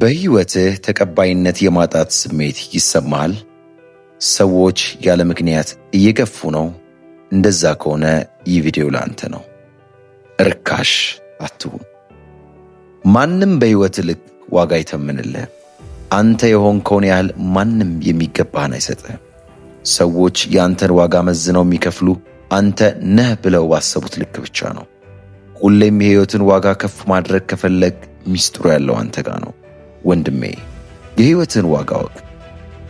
በሕይወትህ ተቀባይነት የማጣት ስሜት ይሰማሃል? ሰዎች ያለ ምክንያት እየገፉ ነው? እንደዛ ከሆነ ይህ ቪዲዮ ለአንተ ነው። እርካሽ አትሁን። ማንም በሕይወት ልክ ዋጋ አይተምንልህ። አንተ የሆንከውን ያህል ማንም የሚገባህን አይሰጥህ። ሰዎች የአንተን ዋጋ መዝነው የሚከፍሉ አንተ ነህ ብለው ባሰቡት ልክ ብቻ ነው። ሁሌም የሕይወትን ዋጋ ከፍ ማድረግ ከፈለግ ሚስጥሩ ያለው አንተ ጋር ነው። ወንድሜ የሕይወትን ዋጋ ወቅ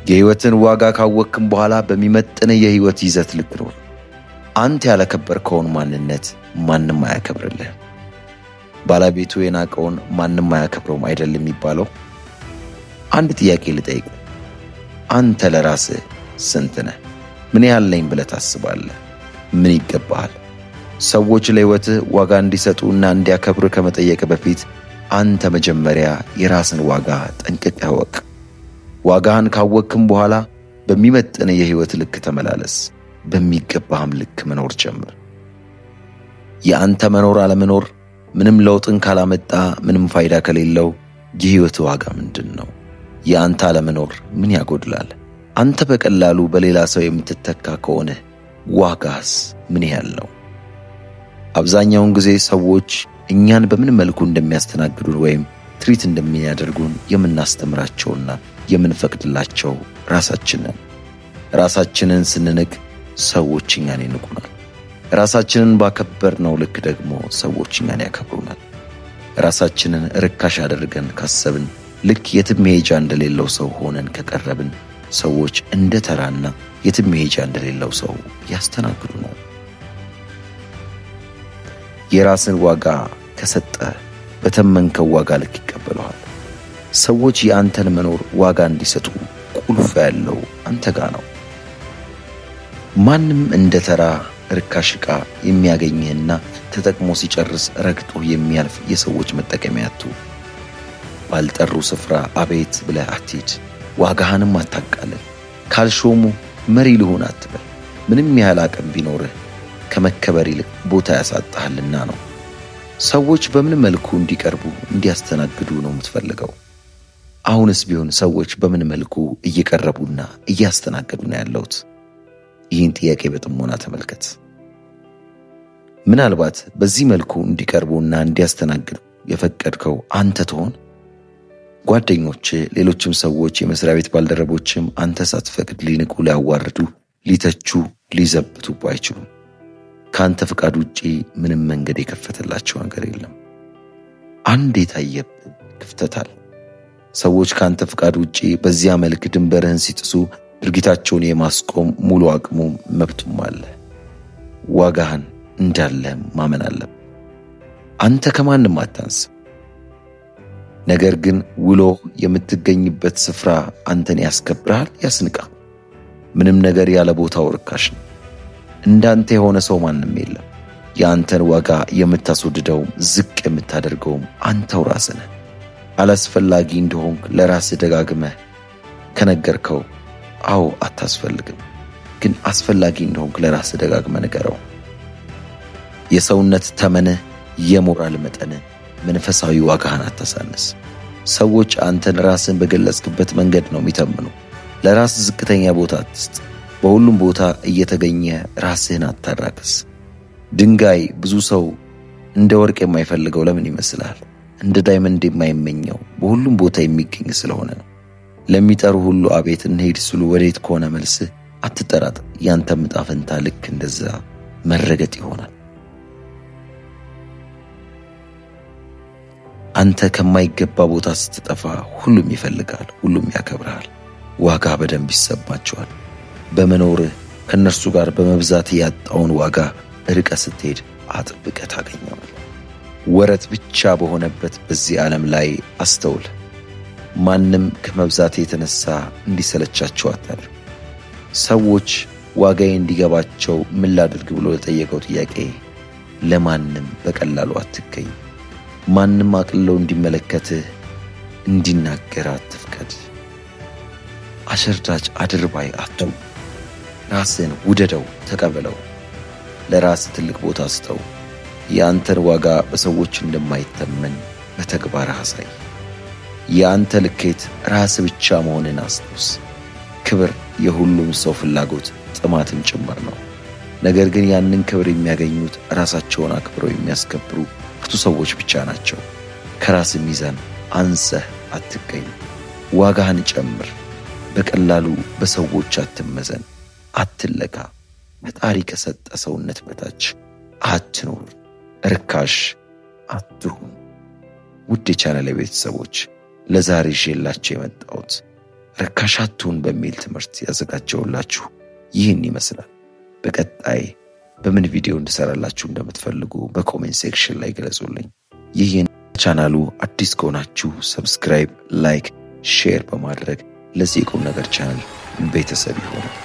የሕይወትን ዋጋ ካወቅክም በኋላ በሚመጥን የሕይወት ይዘት ልክ አንተ አንተ ያላከበርከውን ማንነት ማንም አያከብርልህ። ባለቤቱ የናቀውን ማንም አያከብረውም አይደል የሚባለው? አንድ ጥያቄ ልጠይቅ። አንተ ለራስህ ስንት ነህ? ምን ያህል ነኝ ብለህ ታስባለህ? ምን ይገባሃል? ሰዎች ለሕይወትህ ዋጋ እንዲሰጡና እንዲያከብር ከመጠየቅ በፊት አንተ መጀመሪያ የራስን ዋጋ ጠንቅቅ ያወቅ። ዋጋህን ካወቅክም በኋላ በሚመጥን የሕይወት ልክ ተመላለስ፣ በሚገባህም ልክ መኖር ጀምር። የአንተ መኖር አለመኖር ምንም ለውጥን ካላመጣ፣ ምንም ፋይዳ ከሌለው የሕይወት ዋጋ ምንድን ነው? የአንተ አለመኖር ምን ያጎድላል? አንተ በቀላሉ በሌላ ሰው የምትተካ ከሆነ ዋጋስ ምን ያህል ነው? አብዛኛውን ጊዜ ሰዎች እኛን በምን መልኩ እንደሚያስተናግዱን ወይም ትሪት እንደሚያደርጉን የምናስተምራቸውና የምንፈቅድላቸው ራሳችንን። ራሳችንን ስንንቅ ሰዎች እኛን ይንቁናል። ራሳችንን ባከበርነው ልክ ደግሞ ሰዎች እኛን ያከብሩናል። ራሳችንን ርካሽ አድርገን ካሰብን፣ ልክ የትም መሄጃ እንደሌለው ሰው ሆነን ከቀረብን ሰዎች እንደ ተራና የትም መሄጃ እንደሌለው ሰው ያስተናግዱናል። የራስን ዋጋ ከሰጠ በተመንከው ዋጋ ልክ ይቀበለዋል። ሰዎች የአንተን መኖር ዋጋ እንዲሰጡ ቁልፍ ያለው አንተ ጋ ነው። ማንም እንደ ተራ ርካሽ ዕቃ የሚያገኝህና ተጠቅሞ ሲጨርስ ረግጦ የሚያልፍ የሰዎች መጠቀሚያቱ ባልጠሩ ስፍራ አቤት ብለህ አትሂድ። ዋጋህንም አታቃለን። ካልሾሙ መሪ ልሆን አትበል። ምንም ያህል አቅም ቢኖርህ ከመከበር ይልቅ ቦታ ያሳጣሃልና ነው። ሰዎች በምን መልኩ እንዲቀርቡ እንዲያስተናግዱ ነው የምትፈልገው? አሁንስ ቢሆን ሰዎች በምን መልኩ እየቀረቡና እያስተናገዱ ነው ያለሁት? ይህን ጥያቄ በጥሞና ተመልከት። ምናልባት በዚህ መልኩ እንዲቀርቡና እንዲያስተናግዱ የፈቀድከው አንተ ትሆን? ጓደኞች፣ ሌሎችም ሰዎች፣ የመስሪያ ቤት ባልደረቦችም አንተ ሳትፈቅድ ሊንቁ፣ ሊያዋርዱ፣ ሊተቹ፣ ሊዘብቱ አይችሉም። ከአንተ ፍቃድ ውጪ ምንም መንገድ የከፈተላቸው ነገር የለም። አንድ የታየብ ክፍተታል ሰዎች ከአንተ ፍቃድ ውጪ በዚያ መልክ ድንበርህን ሲጥሱ ድርጊታቸውን የማስቆም ሙሉ አቅሙ መብቱም አለ። ዋጋህን እንዳለ ማመን አለብ። አንተ ከማንም አታንስ ነገር ግን ውሎ የምትገኝበት ስፍራ አንተን ያስከብርሃል፣ ያስንቃ ምንም ነገር ያለ ቦታው ርካሽ ነው። እንዳንተ የሆነ ሰው ማንም የለም። የአንተን ዋጋ የምታስወድደውም ዝቅ የምታደርገውም አንተው ራስነ ነህ። አላስፈላጊ እንደሆንክ ለራስህ ደጋግመህ ከነገርከው አዎ አታስፈልግም፣ ግን አስፈላጊ እንደሆንክ ለራስህ ደጋግመህ ንገረው። የሰውነት ተመንህ፣ የሞራል መጠንህ፣ መንፈሳዊ ዋጋህን አታሳንስ። ሰዎች አንተን ራስን በገለጽክበት መንገድ ነው የሚተምኑ። ለራስ ዝቅተኛ ቦታ አትስጥ። በሁሉም ቦታ እየተገኘ ራስህን አታራቅስ። ድንጋይ ብዙ ሰው እንደ ወርቅ የማይፈልገው ለምን ይመስላል? እንደ ዳይመንድ የማይመኘው በሁሉም ቦታ የሚገኝ ስለሆነ ነው። ለሚጠሩ ሁሉ አቤት እንሄድ ስሉ ወዴት ከሆነ መልስህ አትጠራጥ ያንተ ዕጣ ፈንታ ልክ እንደዛ መረገጥ ይሆናል። አንተ ከማይገባ ቦታ ስትጠፋ ሁሉም ይፈልጋል፣ ሁሉም ያከብርሃል፣ ዋጋ በደንብ ይሰማቸዋል። በመኖርህ ከእነርሱ ጋር በመብዛት ያጣውን ዋጋ ርቀ ስትሄድ አጥብቀ ታገኘዋል። ወረት ብቻ በሆነበት በዚህ ዓለም ላይ አስተውል። ማንም ከመብዛት የተነሳ እንዲሰለቻቸው አታድርግ። ሰዎች ዋጋዬ እንዲገባቸው ምን ላድርግ ብሎ ለጠየቀው ጥያቄ ለማንም በቀላሉ አትገኝ። ማንም አቅልለው እንዲመለከትህ እንዲናገር አትፍቀድ። አሸርዳጅ አድርባይ አትሁን። ራስን ውደደው፣ ተቀበለው፣ ለራስ ትልቅ ቦታ ስጠው። የአንተን ዋጋ በሰዎች እንደማይተመን በተግባር አሳይ። የአንተ ልኬት ራስ ብቻ መሆንን አስታውስ። ክብር የሁሉም ሰው ፍላጎት ጥማትም ጭምር ነው። ነገር ግን ያንን ክብር የሚያገኙት ራሳቸውን አክብረው የሚያስከብሩ ብርቱ ሰዎች ብቻ ናቸው። ከራስ ሚዛን አንሰህ አትገኝ። ዋጋህን ጨምር። በቀላሉ በሰዎች አትመዘን። አትለካ። ፈጣሪ ከሰጠ ሰውነት በታች አትኖር፣ እርካሽ አትሁን። ውድ የቻናል ቤተሰቦች ለዛሬ ይዤላችሁ የመጣሁት ርካሽ አትሁን በሚል ትምህርት ያዘጋጀውላችሁ ይህን ይመስላል። በቀጣይ በምን ቪዲዮ እንድሰራላችሁ እንደምትፈልጉ በኮሜንት ሴክሽን ላይ ገለጹልኝ። ይህን ቻናሉ አዲስ ከሆናችሁ ሰብስክራይብ፣ ላይክ፣ ሼር በማድረግ ለዚህ የቁም ነገር ቻናል ቤተሰብ ይሆናል።